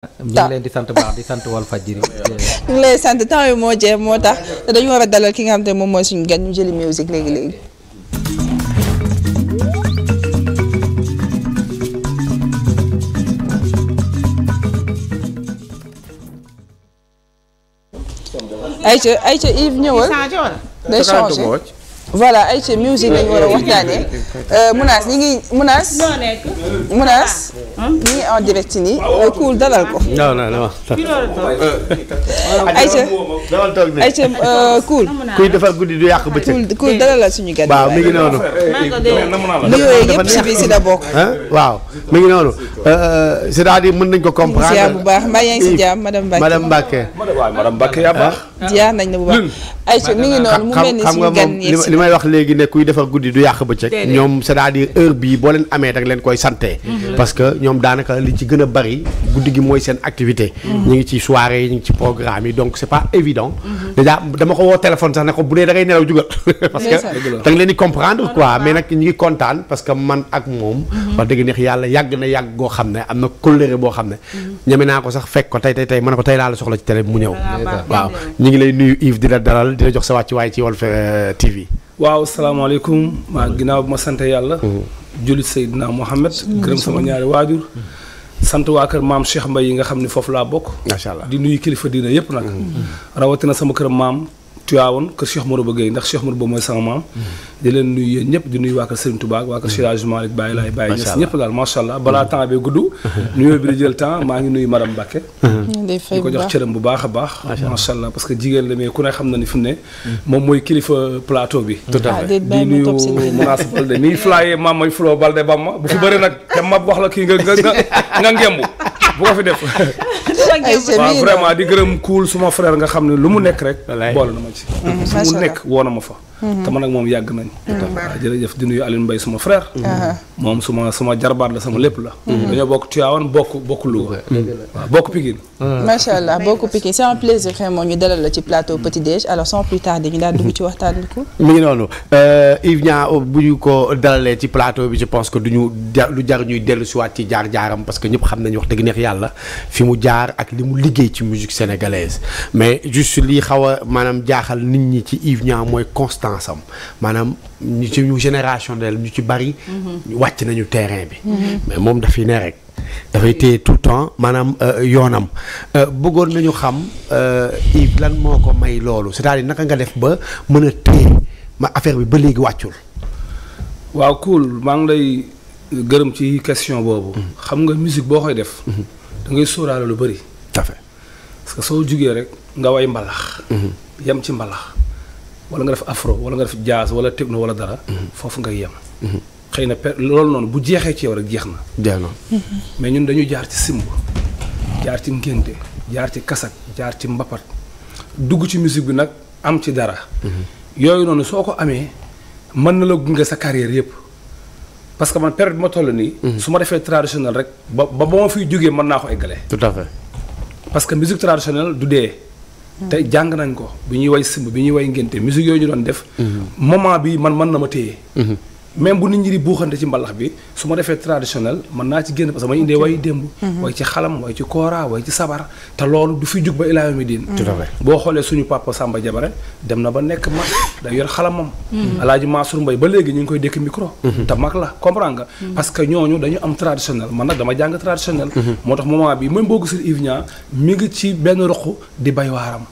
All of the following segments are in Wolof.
ñu leen di sant di sant Walfadjri ñu ngi sant temps yu moo jeex moo tax te dañu war a dalal ki nga xam te moom mooy suñu gan ñu jëli musique léegi léegi. ayca voilà ay ci musique lañu war a waxtaanee euh, Mounas ñi ngi Mounas. Mounas. Ah. ñi ngi en direct nii. Euh, cool dalal ko. Euh, ay ca cool. cool dalal suñu gan. waaw mi ngi noonu. nuyoo yëpp si biir si la bokk. waaw mi ngi noonu c'est-à-dire mën nañ ko comprendre. ziar bu baax mbaa yaa ngi si jàmm madame Mbacke. madame Mbacke. waaw yaa nañ la bu baax. ay ca mi ngi noonu mu mel ni suñu gan may wax léegi ne kuy defar guddi du yàq bëccëg ñoom c'est-à-dire heure boo leen amee da leen koy santee mm-hmm. parce que ñoom daanaka li ci gën a bari guddi gi mooy seen activité mm-hmm. ñu ngi ci soirée ñu ngi ci programme yi donc c'est pas évident mm-hmm. déjà woo téléphone sax ne ko bu dee da ngay nelaw jugal parce que da leen di comprendre quoi mais nag ñu ngi kontaan parce que man ak moom wax dëgg neex yàlla yàgg na yàgg goo xam ne am na kóllëre boo xam ne ñeme naa ko sax fekk ko tey tey tey mën na ko tey laa la soxla ci télé mu ñëw ah, waaw ñu ngi lay nuyu Yves di la dalal di jox sa wàcc waaye ci Walf euh, TV waaw salaamaaleykum waa ginnaaw bi ma sant yàlla mm-hmm. jullit na Mohamed mm-hmm. gërëm sama ñaari waajur mm-hmm. sant waa kër maam Cheikh mbay yi nga xam ne foofu laa bokk macha allah di nuyu kilifa diina yépp nag rawatina sama kër maam Tiwaawoon kër Cheikh Moroba Gueye ndax Cheikh Moroba mooy sama maam mhm. di leen nuyu yéen ñëpp di nuyu waa kër Serigne Touba waa kër Siraj mhm. Malick Baye Laay ñëpp daal maa ngi nuyu madame Mbacke mhm. di ko jox cëram bu baax a baax macha allah parce que jigéen la mais ku ne xam na ni fi ne moom mooy kilifa plateau bi ah, nuyu Mounass Balde nii flayé maam mooy Flo Balde Bamma bu fi bëri nag dama wax la kii nga nga nga bu ko fi def waaw vraiment di gërëm kuul suma frère nga xam ne lu mu nekk rek. boole na ma ci. su mm-hmm. mu nekk woon ma fa. Mm-hmm. te man ak moom yàgg nañ. Mm-hmm. waaw jërëjëf di nuyu Alioune Mbaye suma frère. Uh-huh. moom suma suma jarbaat la sama lépp la. dañoo bokk Tivaouane bokk bokk Louga. waaw bokk Pikine. macha allah bokk Pikine c'est un plaisir vraiment ñu dalal la ci plateau Petit Déj alors sans plus tarder ñu daal dugg ci waxtaan bi ko. mi ngi noonu euh, Yves euh, bu ñu ko dalalee ci plateau bi je pense que du ñu du jar ñuy dellu si ci jaar jaaram parce que ñëpp xam nañu wax dëgg neex yàlla fi mu ak li mu liggéey ci musique sénégalaise mais juste lii xaw a maanaam jaaxal nit ñi ci Yves Niang mooy constance am maanaam ñu ci ñu générationnel ñu ci bari. Mm-hmm. wàcc nañu terrain bi. Mm-hmm. mais moom dafay ne rek. dafay téye tout le temps maanaam euh, yoonam euh, bëggoon nañu xam euh, Yves lan moo ko may loolu c'est-à-dire naka nga def ba mën a téye ma affaire bi ba léegi wàccul. waaw cool maa ngi lay gërëm ci question boobu. Mm-hmm. xam nga musique boo koy def. da ngay sóoraale lu bari. tout fait parce que soo jugee rek nga way mbalax. Mhm. yem ci mbalax wala nga def afro wala nga def jazz wala techno wala dara. Mhm. foofu nga yem. Mhm. xëy na per loolu noonu bu jeexee ci yow rek jeex na. jeex mais ñun dañu jaar ci simb jaar ci ngénte jaar ci kasak jaar ci mbapat dugg ci musique bi nag am ci dara. yooyu noonu soo ko amee mën na la gunge sa carrière yëpp parce que man période bi ma toll nii. su ma defee traditionnel rek ba ba ma fiy jógee mën naa ko eggale. tout parce que musique du dee. te jàng nañ ko bi ñuy way simb bi ñuy way ngénte musique yooyu ñu doon def. Mhm. moment bi man man na ma téye. Mhm. même bu nit ñi di buuxante ci mbalax bi su ma defee traditionnel mën naa ci génn parce que may indee way démb mhm. way ci xalam way ci koora way ci sabar te loolu du fi jug ba ilaa yawmi boo xoolee suñu papa Samba Jabare dem na ba nekk mag day yor xalamam mhm. alaaji Mansour mbay ba léegi ñu ngi koy dékk micro mhm. te mag la comprendre nga parce que ñooñu dañu am traditionnel man nag dama jàng traditionnel moo tax moment bi même boo gisul Yves Niang mi ngi ci benn roq di bay waaram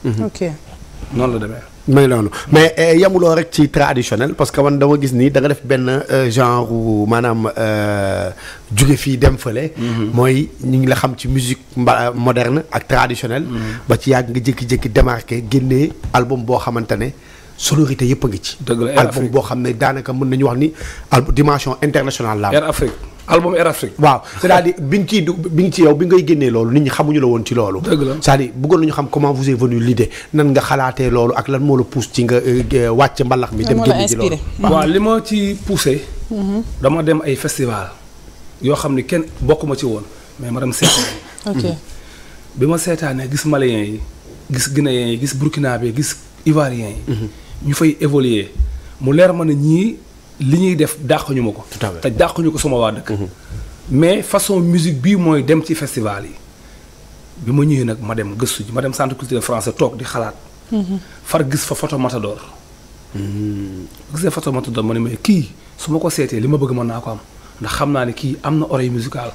noonu la demee may loolu mais eh, yamuloo rek ci traditionnel parce que man dama gis nii danga nga def benn euh, genre maanaam euh, jóge fii dem fële. Mhm. mooy ñu ngi la xam ci musique mba moderne ak traditionnelle. Mhm. ba ci yàgg nga jékki-jékki démarqué génnee album boo xamante ne. sonorité yëpp a ngi ci. dëgg la album boo xam ne daanaka mën nañu wax ni album dimension internationale la am. Air Afrique album Air Afrique. waaw cest à bi nga bi nga ci yow bi ngay génnee loolu nit ñi xamuñu la woon ci loolu. dëgg la c'est-à-dire bëggoon nañu xam comment vous est venu l'idée nan nga xalaatee loolu ak lan moo la pousse ci nga euh, euh, wàcc mbalax mi. dem génne ci loolu waaw li ma ci poussé. Mm-hmm. dama dem ay festival yoo xam ne kenn ma ci woon mais ma dem seetaan. bi ma seetaanee gis maliens yi gis guinéens yi gis burkinabé gis ivoiriens yi. Mm-hmm. ñu fay évoluer mu leer ma ne ñii li ñuy def dàquñu ma ko. te dàquñu ko suma waa dëkk. Mhm. mais façon musique bii mooy dem ci festival yi bi ma ñëwee nag ma dem gëstu ji ma dem centre culturel français toog di xalaat. Mhm. far gis fa photo Matador. Mhm. gisee photo Matador ma ne mais kii su ma ko seetee li ma bëgg mën naa ko am ndax xam naa ne kii am na oreille musicale.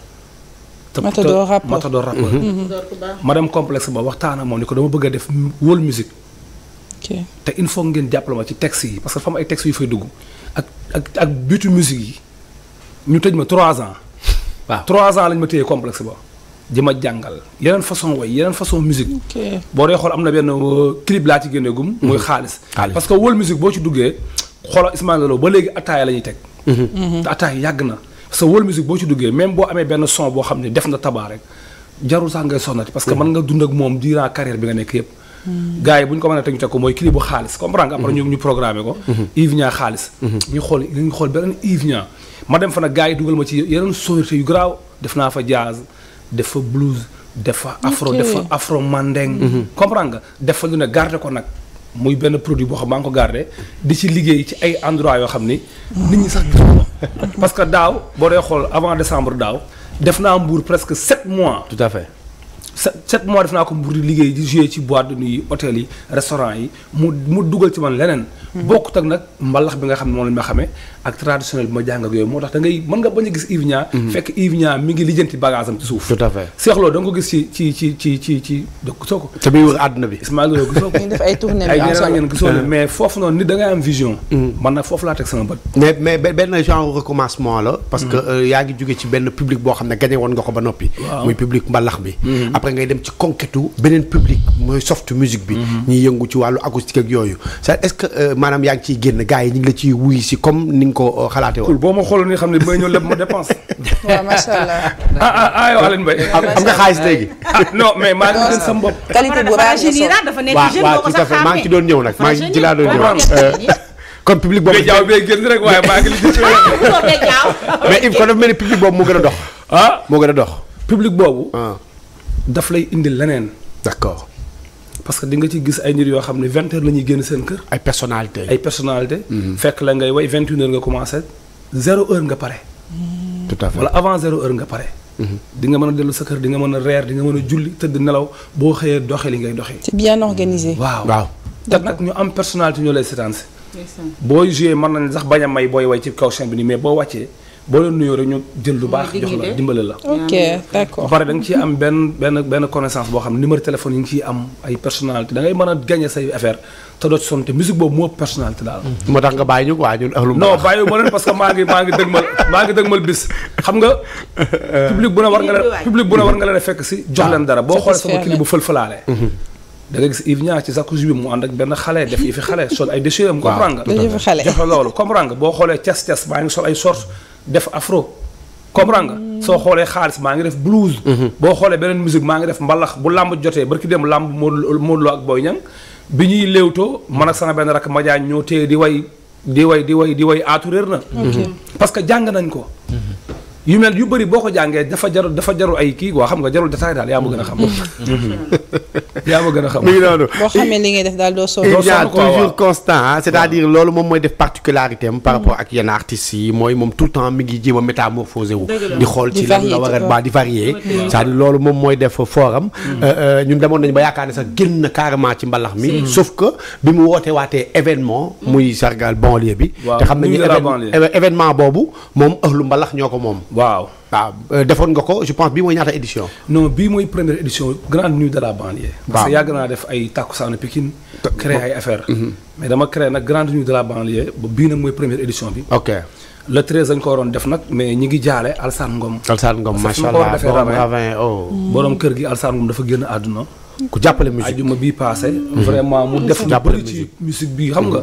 Matador rappeur Matador rappeur. ma dem complexe ba waxtaan ak moom ni ko dama bëgg a def wóol musique. te il faut ngeen jàppale ma ci texte yi parce que fa am ay texte yu fay dugg ak ak ak bitu musique yi ñu tëj ma trois ans. waaw trois ans lañ ma téye complexe ba. di ma jàngal yeneen façon way yeneen façon musique. boo dee xool am na benn euh, clip laa ci génne gum. Mhm. muy xaalis. parce que wol musique boo ci duggee xoolal Ismaël Lo ba léegi attaaya la ñuy teg. Mhm. te attaaya yàgg na parce que wol musique boo ci duggee même boo amee benn son boo xam ne def na tabaa rek jarul sax ngay sonnati. parce que mhm. mën nga dund ak moom durant carrière bi nga nekk yëpp. gars yi bu ñu ko mën a teg ko mooy clip bu xaalis comprendre nga après ñu ñu programmé ko Yves Niang xaalis ñu xool ñu xool beneen Yves Niang ma dem fa nag gars yi dugal ma ci yeneen sonorité yu garaaw def naa fa jazz def fa blues def fa afro def fa afro mandeng mhm. comprendre nga def fa lu ne garder ko nag muy benn produit boo xam maa ngi ko garder di ci liggéey ci ay endroit yoo xam ni nit ñi sax parce que daaw boo dee xool avant décembre daaw def naa mbuur presque sept mois tout à sept mois def naa ko mbir di liggéey di jouer ci boîte de nuit yi hôtel yi restaurant yi mu mu dugal ci man leneen hmm. bokkut ak nag mbalax bi nga xam ne moom la ñu ma xamee ak traditionnel bi ma jàng ak yooyu moo tax da ngay nga bañ a gis Yves Niang mhm. mi ngi lijjanti bagage ci suuf tout à ko gis ci ci ci ci ci ci maanaam yaa ngi ciy génn gars yi ñu ngi la ciy wuy si comme niñ ko euh, xalaatee woon. boo ma xooloon ni xam ne may ñëw lépp ma dépense. waaw macha allah. Ah, ah ah yow Alioune Mbaye. am nga xaalis léegi. Ah, non mais maa ngi gën sama bopp. qualité bu raache yi dafa nekk jeune boo ko sax xamee maa ngi ci doon ñëw nag maa ngi ci laa doon ñëw. kon euh, public boobu jaaw bee génn rek waaye maa ngi li gis. mais il faut dafa mel ni public boobu moo gën a dox. ah moo gën a dox. public boobu. Ah. daf lay indi leneen. d'accord. parce que di nga ci gis ay nit yoo xam ne vingt heures la ñuy génn seen kër. ay personnalité ay personnalité. Mhm. fekk la ngay way vingt une heures nga commencé zéro heure nga pare. Mhm. tout avant zéro heure nga pare. Mhm. di mën a dellu sa kër di nga mën a reer di nga mën a julli tëdd nelaw boo xëyee doxee li ngay doxee. c'est bien organisé. waaw waaw. nag ñu am personnalité ñoo lay sétance. booy joué mën nañ sax bañ may booy way ci kaw chaîne bi nii mais boo wàccee. boo leen nuyoo rek ñu jël lu baax jox la dimbale la. ok ba pare da nga am benn benn benn connaissance boo xam ne numéro téléphone yi nga ciy am ay personnalité da ngay a gagner say affaire te doo ci sonn te musique boobu moo personnalité daal. Mm. moo tax nga bàyyi ñu quoi ñun ahlum. bàyyi ma leen parce que maa ngi maa ngi maa ngi dëgmal bis xam nga. public bu ne war nga leen fekk si jox leen dara boo ah, xoolee sama clip bu fël-fëlaale. Mhm. da gis Yves ci jacuzzi bi mu boo xoolee cas cas def afro. comprendre nga mm. soo xoolee xaalis maa ngi def blues. Mm-hmm. boo xoolee beneen musique maa ngi def mbalax bu làmb jotee barki dem làmb Modou Modou Lo ak booy Niang bi ñuy léewtoo man ak sama benn rakk Madiagne ñoo téye di way di way di way di way aatu réer na. parce que jàng nañ ko. yu mel yu bëri boo ko jàngee dafa jarul dafa jarul ay kii quoi xam nga jarul détail daal yaa ma gën a xam. Mm-hmm. Mm-hmm. yaa ma a xam. ngay def daal doo sonn. doo sonn à dire loolu moom mooy def particularité am par mm-hmm. rapport ak yenn mooy moom tout le temps mi ngi jéem a métamorphosé wu. di xool moom mooy def forum. Euh, euh, ñun demoon nañu ba yaakaar ne sax génn na carrément ci mbalax mi. sauf mu wootee waatee événement. muy sargal banlieue bi. te xam nañu événement boobu moom ëllu mbalax ñoo ko moom waaw waaw euh, defoon nga ko je pense bii mooy ñaata édition. non bii mooy première édition grande nuit de la banlieue. waaw parce que yàgg naa def ay tàkkusaanu Pikine. créer ay affaires. Mhm. mais dama créer nag grande nuit de la banlieue bii nag mooy première édition bi. ok le treize dañ ko waroon def nag mais ñi ngi jaale Alsaan Ngom. Alsaan Ngom macha allah oh. borom kër gi Alsaan Ngom dafa génn àdduna. ku jàppale musique ajuma bii paase. vraiment mu def lu bëri ci musique bi xam nga.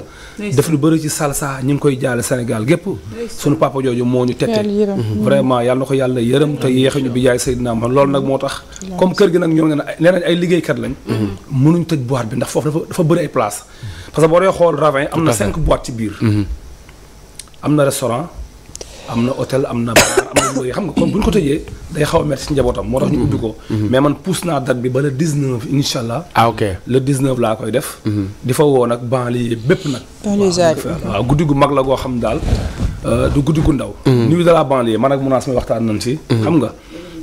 def lu bëri ci salsa ñu ngi koy jaale Sénégal gépp sunu papa jooju moo ñu tette. Mhm. vraiment yàlla ko yàlla yërëm te yéexuñu bi jaay Seydina Muhammad loolu nag moo tax. comme kër gi nag ñoo ngi nee nañ ay liggéeykat lañ. mënuñ mhm. tëj boîte bi ndax foofu dafa dafa bëri ay place parce que boo dee xool Ravin am na cinq boîtes ci biir. Mhm. am na restaurant am na hôtel am na mooy xam nga kon bu ñu ko tëjee day xaw a métti si njabootam moo tax ñu ubbi ko mais man pousse naa date bi ba le 19 incha allah ah ok le 19 laa koy def mhm. di fa woo nag banlieue bépp nag waaw guddi gu mag la goo xam daal euh, du guddi gu ndaw mhm. nuit de la banlieue man ak munaas mi waxtaan nañ si mhm. xam nga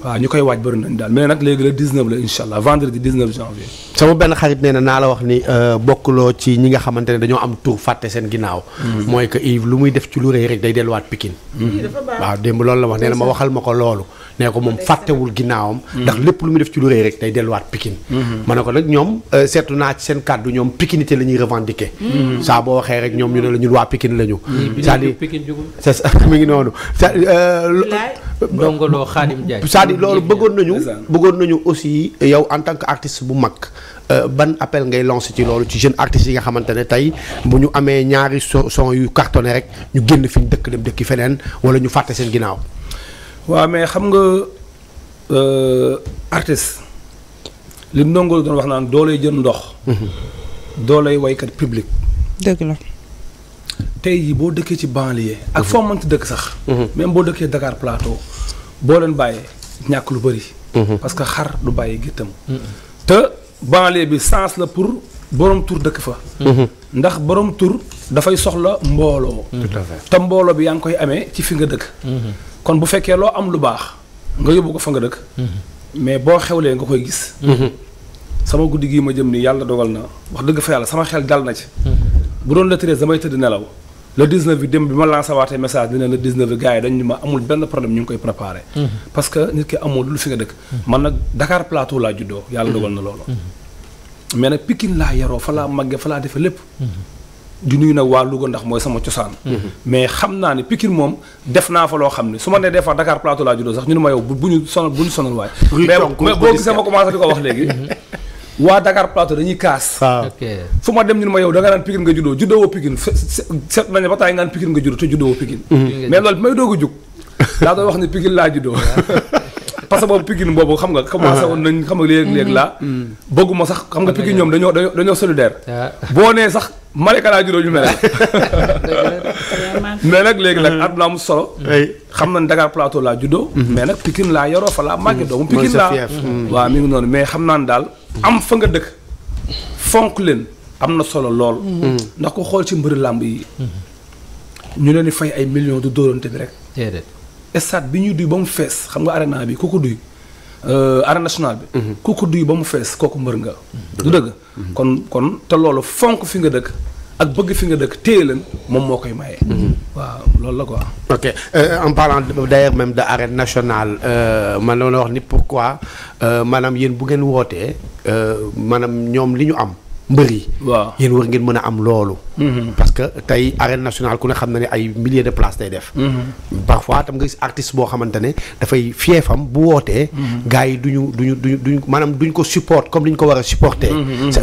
waaw ñu koy waaj bëri nañ daal mais nag léegi le 19 la incha allah vendredi 19 janvier. sama benn xarit nee na naa la wax ni euh, bokkuloo ci ñi nga xamante ne dañoo am tur fàtte seen ginnaaw. Mm-hmm. mooy que Yves lu muy def ci lu rëy rek day delluwaat Pikine. Mm-hmm. waaw démb loolu la wax nee na ma waxal ma ko loolu. nee ko moom fàttewul ginnaawam ndax lépp lu muy def ci lu rëy rek day delluwaat Pikine ma ne ko nag ñoom euh, seetu naa ci seen kàddu ñoom pikinité la ñuy revendiquer mm. saa boo waxee rek ñoom ñu ne la ñun waa Pikine la ñu mm. c'est-à-dire c'est mi ngi noonu dongoloo Xaadim Njaay c'est-à-dire loolu bëggoon nañu bëggoon nañu aussi euh, yow en tant que artiste bu mag euh, ban appel ngay lancé ci loolu ci jeune artistes yi nga xamante ne tey bu ñu amee ñaari son yu cartonné rek ñu génn fi ñu dëkk dem dëkki feneen wala ñu fàtte seen ginnaaw waaw mais xam nga euh, artiste li ndongo doon wax naan doolay jën ndox. Mhm. doolay waykat public. dëgg na tey jii boo dëkkee ci banlieue. ak mhm. foo mënti dëkk sax. Mhm. même boo dëkkee dakaar plateau boo leen bàyyee ñàkk lu bëri. parce que xar du bàyyi géttam. te banlieue bi sens la pour borom tur dëkk fa. ndax borom tur dafay soxla mbooloo. te mbooloo bi yaa ngi koy amee ci fi nga dëkk. kon bu fekkee loo am lu baax nga yóbbu ko fa nga dëkk. Mm-hmm. mais boo xewlee nga koy gis. Mm-hmm. sama guddi gii ma jëm nii yàlla dogal na wax dëgg fa yàlla sama xel dal na ci. Mm-hmm. bu doon le treize damay tëdd nelaw le 19 bi dem bi ma lancé waatee message dina le 19 bi gars yi dañu ma amul benn problème ñu ngi koy préparé. parce que nit ki amul lu fi nga dëkk. man nag Dakar Plateau laa juddoo yàlla dogal na loolu. mais nag Pikine laa yaroo fa laa màggee fa laa lépp. di nuyu nag waa Louga ndax mooy sama cosaan. Mm-hmm. mais xam naa ne Pikine moom def naa fa loo xam ne su ma nee des fois Dakar Plateau laa juddoo sax ñu ne ma yow bu ñu sonal bu ñu sonal waay. mais boo gisee ma commencé di ko wax léegi. Mm-hmm. waa Dakar Plateau dañuy kaas. fu ma dem ñu ne ma yow da nga naan Pikine nga juddoo juddoo woo Pikine set nañu ba taay nga naan Pikine nga juddoo te juddoo woo Pikine. Mm-hmm. mais loolu bi may doog a jug daa doon wax ne Pikine laa juddoo. parce que boobu Pikine boobu xam nga commencé woon nañ xam nga léeg-léeg laa. bëgguma sax xam nga Pikine ñoom dañoo dañoo solidaire. Ah. boo nee sax Malika laa juróom ñu mel mais nag léegi nag mm. àdduna am solo. xam na Dakar Plateau laa juddoo. Mm. mais nag Pikine laa yoroo fa laa màggee mm. doomu Pikine laa waa mi ngi noonu mais xam naan daal am fa nga dëkk fonk leen am na solo lool. ndax ko xool ci mbëru làmb yi. ñu leen fay ay million du dóorante bi rek. déedéet bi ñuy duy ba mu fees xam nga arena bi ku ko duy. Euh, arène nationale bi. Mhm. ku ko duy ba mu fees kooku mbër nga. du dëgg mhm. kon kon te loolu fonk fi nga dëkk. ak bëgg fi nga dëkk téye leen moom moo koy maye. Mhm. waaw loolu la quoi. ok euh, en parlant d'ailleurs même de arène nationale euh, man la wax ni pourquoi euh, maanaam yéen bu ngeen wootee maanaam ñoom li ñu am. mbër yi. waaw yéen war ngeen mën a am loolu. Mm-hmm. parce que tey arène nationale ku ne xam na ne ay milliers de places day def. Mm-hmm. parfois tam nga gis artiste boo xamante ne dafay fiefam bu wootee. Mm-hmm. gars yi du duñu duñu du duñu maanaam duñ ko support comme ni ñu ko war a supporter.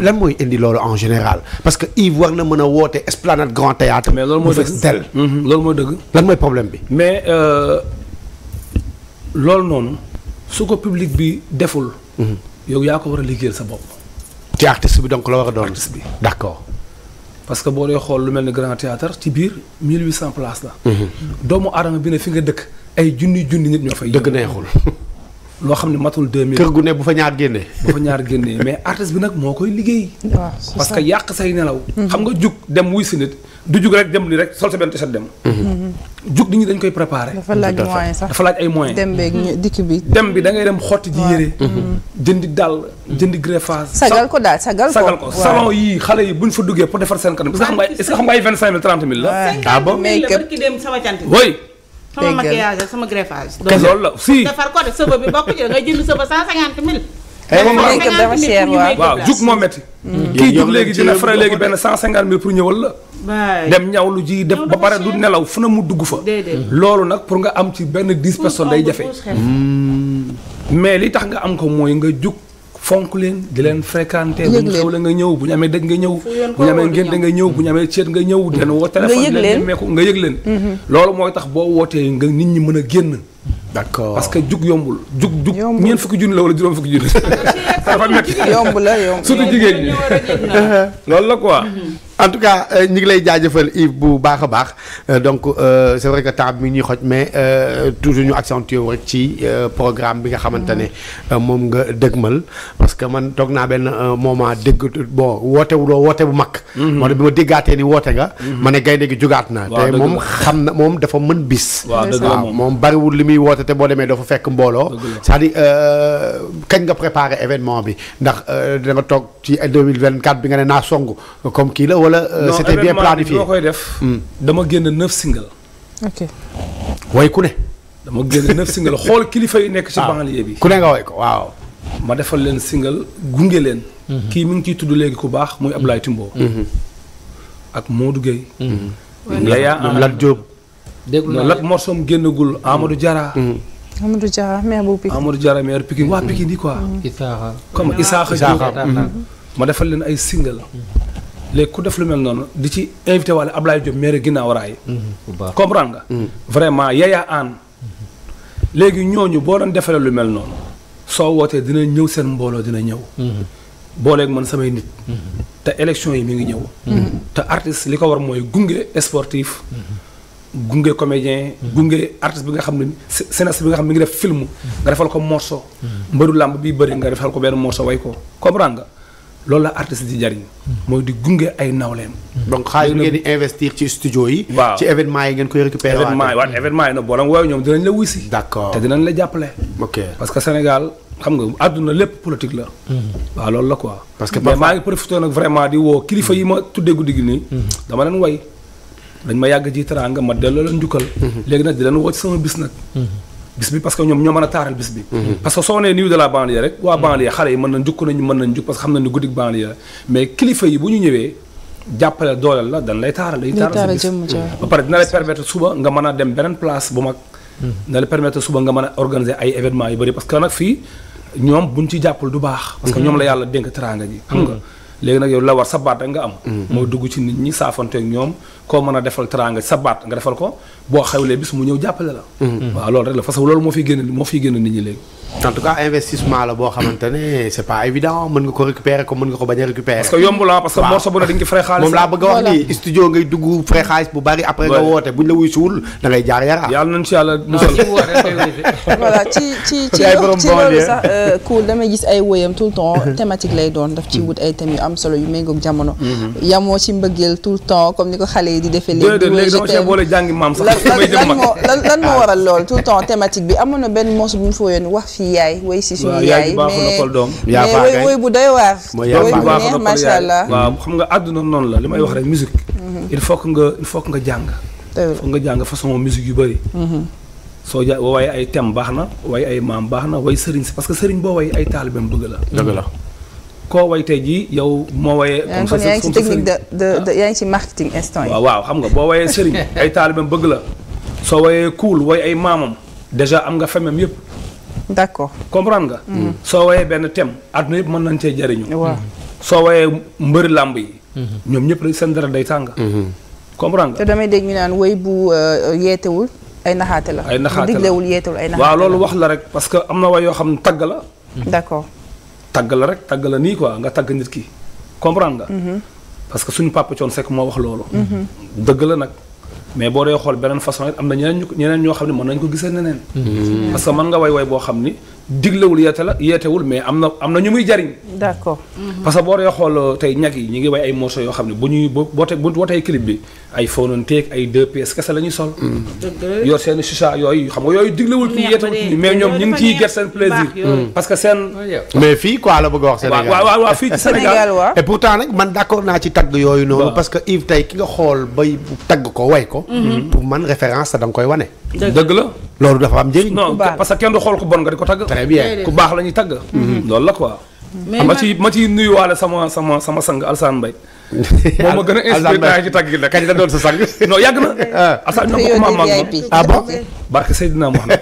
lan mooy indi loolu en général parce que Yves war na mën a woote Esplanade Grand Théâtre. mais loolu mooy dëgg loolu mooy dëgg. lan mooy problème bi. mais euh, loolu noonu su ko public bi deful. yow yaa ko war a liggéeyal sa bopp. ci artiste bi donc la war a doon. artiste bi d' accord. boo dee xool lu mel ni grand théâtre ci biir 1800 places la. Mhm. doomu aadama bi ne fi nga dëkk ay junni junni nit ñoo fay. dëgg neexul. loo xam ne matul kër gu ne bu fa ñaar génnee. bu fa ñaar génnee mais artiste bi nag moo koy liggéey. parce que yàq say nelaw. Mhm. xam nga jug dem wuy si nit. du jug rek dem ni rek sol sa benn t-shirt dem. jug nit ñi dañ koy préparé. dafa laaj moyen sax dafa laaj ay moyen dem beeg dikk bi. dem bi da ngay dem xotti ji yére. Mm-hmm. jëndi dàll jëndi greffage. sagal ko daal sagal ko sagal ko salon yii xale yi buñ fa duggee pour defar seen kanam est-ce que xam nga est-ce que mille trente mille la. ah bon waaw jug moo métti. Mm. kii jug léegi dina léegi benn cent cinquante mille pour ñëwal la dem ñaw lu ji def ba pare du nelaw fu na mu dugg fa. Mm. loolu nag pour nga am ci benn dix personnes day jafe. Mm. mais li tax nga am ko mooy nga jug fonk leen di leen fréquenter. bu ñu la nga ñëw bu ñu amee dëj nga ñëw. bu ñu amee ngénte nga ñëw bu ñu amee ceet nga ñëw. di leen woo téléphone di leen nemmeeku nga yëg leen. Mm-hmm. loolu mooy tax boo wootee nga nit ñi mën a génn. d'accord parce que jug yombul. jug jug ñeent fukki junni la wala juróom fukki junni. su métti jigéen ñi loolu la quoi. Mm-hmm. en tout cas euh, ñu ngi lay jaajëfal Yves bu baax a baax euh, donc euh, c'est vrai que temps bi ñuy xoj mais euh, toujours ñu accentué wu rek ci euh, programme bi nga xamante ne moom nga dëgmal parce que man toog naa benn moment dégg bon wootewuloo woote bu mag. Mhm. moo bi ma déggaatee ni woote nga. Mhm. ma ne gaynde gi jugaat na. te moom xam na moom dafa mën bis. waaw moom bariwul li muy woote te boo demee dafa fekk mbooloo. cest à kañ nga préparé événement bi ndax da nga toog ci 2024 bi nga ne naa song comme kii la. wala euh, c'était bien planifié non koy def. Hmm. dama génn neuf single. ok. ku ne. dama génn neuf single xool kilifa yi nekk ci ah. banlieue bi. ku ne nga way ko waaw. ma defal leen single gunge leen. Hmm. kii mi ngi ciy tudd léegi ku baax muy Ablaye hmm. Timbo. ak Modou Gueye. Leya Lat Diop. dégg naa Lat morsoom génnagul Amadou Diarra. Amadou Diarra bu Pikine Amadou Diarra maire Pikine waa Pikine yi quoi. Isaaxa comme Isaaxa Diop ma defal leen ay single. léegi ku def lu mel noonu di ci invité wala Ablaye Diop maire ginnaaw raay. Mm-hmm. comprendre nga. Mm-hmm. vraiment yaya aan mm-hmm. léegi ñooñu boo doon defalee lu mel noonu soo wootee dina ñëw seen mbooloo dina ñëw. boo booleeg man samay nit. te élection yi mi ngi ñëw. te artiste li ko war mooy gunge sportif. gunge comédien. gunge artiste bi nga xam ne scénariste bi nga xam ne mi ngi def film. nga defal ko morceau. mbëru làmb bi bëri nga defal ko benn morceau way ko comprendre nga. loolu la artiste jar jariñ mooy di gunge ay nawleem. donc xaalis ngeen di investir ci studio yi. waaw ci événement yi ngeen koy récupérer événement yi waaw événement yi nag boo la woowee ñoom dinañ la wusi d'accord te dinañ la jàppale. ok parce que Sénégal xam nga àdduna lépp politique la. Mhm. waaw loolu la quoi. parce que mais maa ngi profité nag vraiment di woo kilifa yi ma tuddee guddi gi nii. Mhm. dama leen way dañ ma yàgg ji teraanga ma delloo leen njukkal. Mhm. léegi nag di leen woo ci bis bi parce que ñoom ñoo mën a taaral bis bi mhm. parce que soo nee niw de la banlieue rek waa banlieue xale yi mën nañ jukk nañu mën nañ jug parce xam nañ ni guddik banlieue la mais bu ñu ñëwee jàppale dooleel la dañ lay taaral day taaral sa bis suba nga mën a dem beneen place bu mag mhm. dina la suba nga mën a organiser ay événements yu bëri parce que nag fii ñoom buñ ci jàppal du baax parce que mhm. ñoom la yàlla dénk teraanga ji xam nga léegi nag yow la war sa baat rek nga am mooy dugg ci nit ñi saafanteeg ñoom koo mën a defal teraanga sa baat nga defal ko boo xewlee bis mu ñëw jàppale la. Mm-hmm. waaw loolu rek la parce loolu moo fiy génn moo fiy génn nit ñi léegi. en tout cas investissement la boo xamante ne c'est pas évident mën nga ko récupérer comme mën nga ko bañ a récupérer. parce que yomb la parce que morceau bu ne dañ frais xaalis. a wax nii studio ngay dugg frais bu bari. après nga woote buñ la wuy suwul da jaar yara. yàlla ci ci ci loolu sax euh, cool damay gis ay woyam tout temps thématique lay doon daf ci wut ay thèmes yu am solo yu méngoog jamono. Mhm. yamoo ci mbëggeel tout le temps comme ni ko xale yi di defee. léegi léegi dama cee boole jàngi ci yaay way si suñu yaay mais way bu doy waar way bu neex macha allah waaw xam nga àdduna noonu la li may wax rek musique mhm. il faut nga jàng façon musique yu bëri mhm. soo waaye ay thème baax na waaye ay maam baax na way sëriñ si parce que sëriñ boo way ay taalibeem bëgg la dëgg la koo way tey jii yow moo wayee comme yaa ngi ci technique soo wayee kuul way ay maamam déjà am nga famem yëpp d' accord nga. Mm. soo wayee benn thème àdduna yëpp mën nañ cee jëriñu. waaw mm. soo wayee mbëri làmb yi. Mm-hmm. ñoom ñëpp rek seen dara day tàng. Mm-hmm. comprendre nga te damay de ñu naan woy bu euh, yeetewul ay naxaate la. ay naxaate la bu yeetewul ay naxaate la waaw loolu wax la rek parce que am na way yoo xam ne tagg la. Mm. d' accord tagg la rek tagg la nii quoi nga tagg nit ki comprendre nga. Mm-hmm. parce suñu papa Thione Seck moo wax loolu. dëgg la nag. mais boo dee xool beneen façon it am na ñeneen ñu ñeneen ñoo xam ne mën nañ ko gisal neneen mm-hmm. parce que nga way way boo xam ni diglewul yeete la yeetewul mais am na am na ñu muy jariñ d'accord parce que boo dee xool euh, tey ñag yi ñu ngi way ay morceaux yoo xam ne bu ñuy boo tey bu wootee clip bi ay fonanteeg ay deux pièces kese la ñuy sol yor seen chicha yooyu xam nga yooyu diglewul kii yeetewul mais ñoom ñu ngi ciy ger seen plaisir mm. parce que seen ah, mais fii quoi la bëgg a wax Sénégal waaw waaw waaw fii ci man d'accord naa ci tagg yooyu noonu parce que Yves tey ki nga xool bay tag ko way ko mm-hmm. pour man référence da nga koy wane dëgg la loolu dafa am njëriñ. non parce que kenn xool ku bon nga di ko tagg. très bien baax la ñuy tagg. Mhm. loolu la quoi. ma ci ma ciy nuyuwaale sama sama sama sang Alassane Mbaye. moom ma gën a inspiré naa ci tagg gi la kañ la doon sa sang. non yàgg na. Ah. Alassane ñoo bokk maam maam ah bon. barke Seydina Mohamed.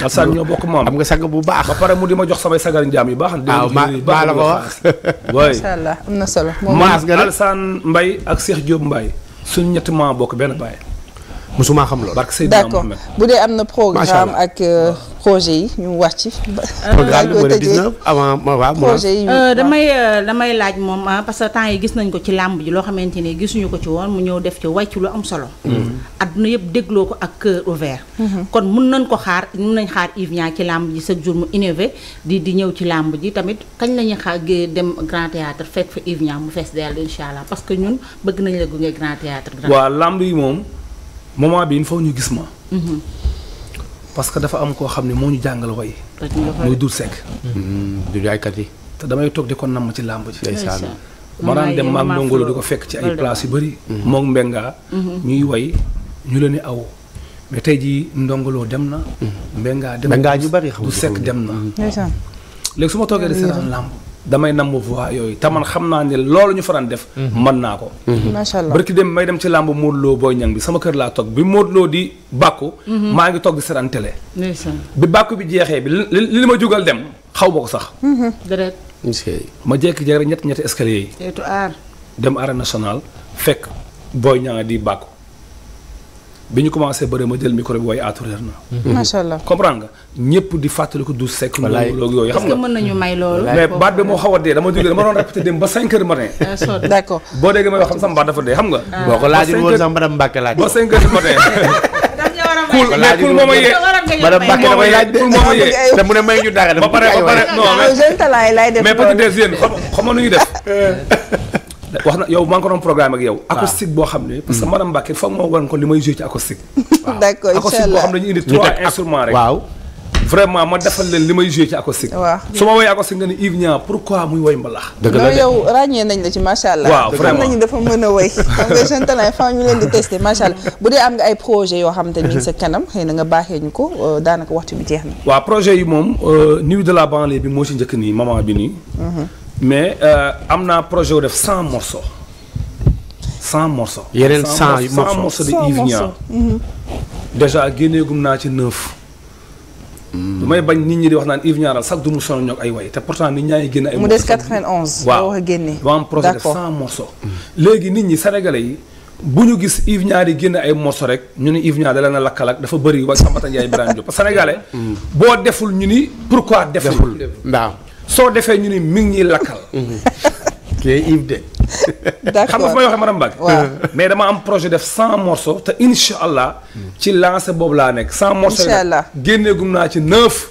Alassane ñoo bokk maam. am nga sang bu baax. ba pare mu di ma jox samay sagar njaam yu baax. ah ma maa la ko wax. macha am na solo. moom Alassane mbay ak Cheikh Diop mbay suñ ñetti maam bokk benn baay. musuma xam loolu. barke d'accord bu dee am na programme ak euh, projet yi ñu wax ci. Euh, programme numéro 19 avant waaw projet euh, damay damay laaj moom ah, parce que temps yi gis nañ ko ci làmb ji loo xamante ni gisuñu ko ci woon mu ñëw def ci wàcc lu am solo. Mm-hmm. adduna yëpp dégloo ko ak cœur ouvert. Mm-hmm. kon mun nañ ko xaar mun nañ xaar Yves Niang ci làmb ji chaque jour mu innové di di ñëw ci làmb ji tamit kañ la ñuy xaar dem Grand Théâtre fekk fa Yves mu fees dell incha allah parce que ñun bëgg nañ la gunge Grand Théâtre. waaw yi moom. moment bi il faut ñu gis ma. Mhm. parce que dafa am koo xam ne moo ñu jàngal way. muy dul sekk. du yi. te damay toog di ko namm ci làmb ji. ndeysaan ma daan dem maam ndongolo di ko fekk ci ay place yu bëri. moom mhm. Mbenga. Mhm. ñuy way ñu leen di aw. mais tey jii ndongoloo dem na. Mbenga dem na du sekk dem na. léegi su ma toogee di seetaan làmb. damay namm voix yooyu te man xam naa ne loolu ñu faran def. man mhm. naa ko. Mhm. macha barki dem may dem ci làmb Modou Lo Boy Niang bi sama kër laa toog bi Modou Lo di bàkku. Mhm. maa ngi toog di seetaan télé. bi bàkku bi jeexee bi li li ma jugal dem xaw ma ko sax. dërët. ma jékki-jékki rek ñetti ñetti escalier yi. dem arène national fekk Boy Niang di bàkku. bi ñu commencé bëre ma jël micro bi waaye aatu réer na. Mhm. macha allah comprendre nga ñëpp di fàttaliku du sekk. wallaay yooyu xam nga est-ce que mën nañu may loolu. mais baat bi moo xaw a dee dama jógee dama doon répété dem ba 5 heures matin. Ah, d'accord boo déggee may wax xam sama baat dafa dee xam nga. Ah. boo ko laajul woon sax madame Mbacke laaj. ba 5 heures matin. kuul mais moom a yee madame Mbacke damay laaj de kuul moom a yee te mu ne may ñu dara. ba pare ba pare non mais mais peut-être des yéen xam nga nu ñu def wax na yow maa ngi ko doon programme ak yow. acoustique boo xam ne. parce que mm. madame Mbacke foog moo waroon ko li may joué ci d'accord incha boo xam ne ñu indi trois instruments rek. ma defal leen li may joué ci acoustique. waaw su ma woowee muy woy mbalax. dëgg yow ràññee nañ la ci macha waaw vraiment xam nañu dafa mën a woy. xam nga jeune talent ñu leen di testé macha bu dee am nga ay projet yoo xamante ni sa kanam xëy na nga baaxee ñu ko euh, daanaka waxtu bi jeex na. waaw projet yi moom euh, nuit de la banlieue bi moo ci n nii maman bi nii mm-hmm. mais euh, am naa projet wu def cent morceaux. cent morceaux. yeneen cent morceaux de Yves Niang mhm. déjà génneegum naa ci neuf. lu hmm. may bañ nit ñi di wax naan Yves Niang sax du mu sonal ñoog ay way te pourtant nit ñaa ngi génne ay. mu des 91. waaw wax génne waaw am projet def cent morceaux. léegi nit ñi sénégalais yi. bu ñu gis Yves Niang di génn ay morceaux rek ñu ni Yves Niang da leen a dafa bëri wax Sambata Ndiaye Birame Diop parce que sénégalais. Hmm. boo deful ñu ni pourquoi deful. waaw soo defee ñu ni mi ngi ñuy lakkal. kii Yves de. xam nga fu may waxee madame Mbacke. mais dama am projet def 100 morceaux te incha allah. ci lancé boobu laa nekk. 100 morceaux yi génneegum naa ci 9.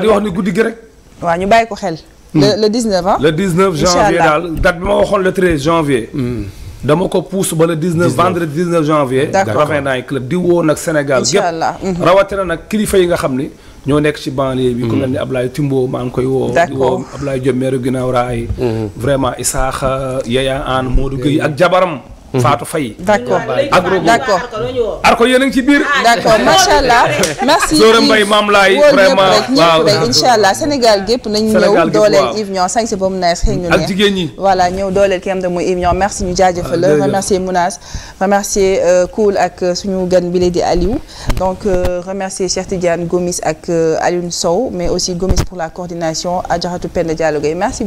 di wax ni guddi gi rek. waaw ñu bàyyi ko xel. le hmm. le 19 ah. le 19 janvier daal date bi ma waxoon le janvier. Hmm. dama ko pousse ba le 19 vendredi 19 janvier. d' accord rafet naa club di woo nag Sénégal gépp hmm. rawatina nag kilifa yi nga xam ni. ñoo nekk ci banlieue bi. ku mel ni Ablaye Timbo maa ngi koy woo. d' accord di woo Ablaye Diop meeru ginnaaw raay. vraiment Isaaxa Yaya Anne Modou Gueye ak Jabaram. Fatou Faye. d' accord d' accord arko yéen a ci biir. d' accord allah. merci Yves Mbaye maam laay vraiment waaw allah Sénégal gépp nañu ñëw dooleel Yves Niang sañ si ba mu neex xëy ñu neex jigéen ñi. voilà ñëw dooleel ki am da muy Yves Niang merci ñu jaajëfal la ah, remercier Mounas remercier euh, Koul ak euh, suñu gan bi la di Aliou. donc euh, remercier Cheikh Tidiane Gomis ak Alioune Sow mais aussi Gomis pour la coordination Adjaratou Penda Diallo Gueye merci.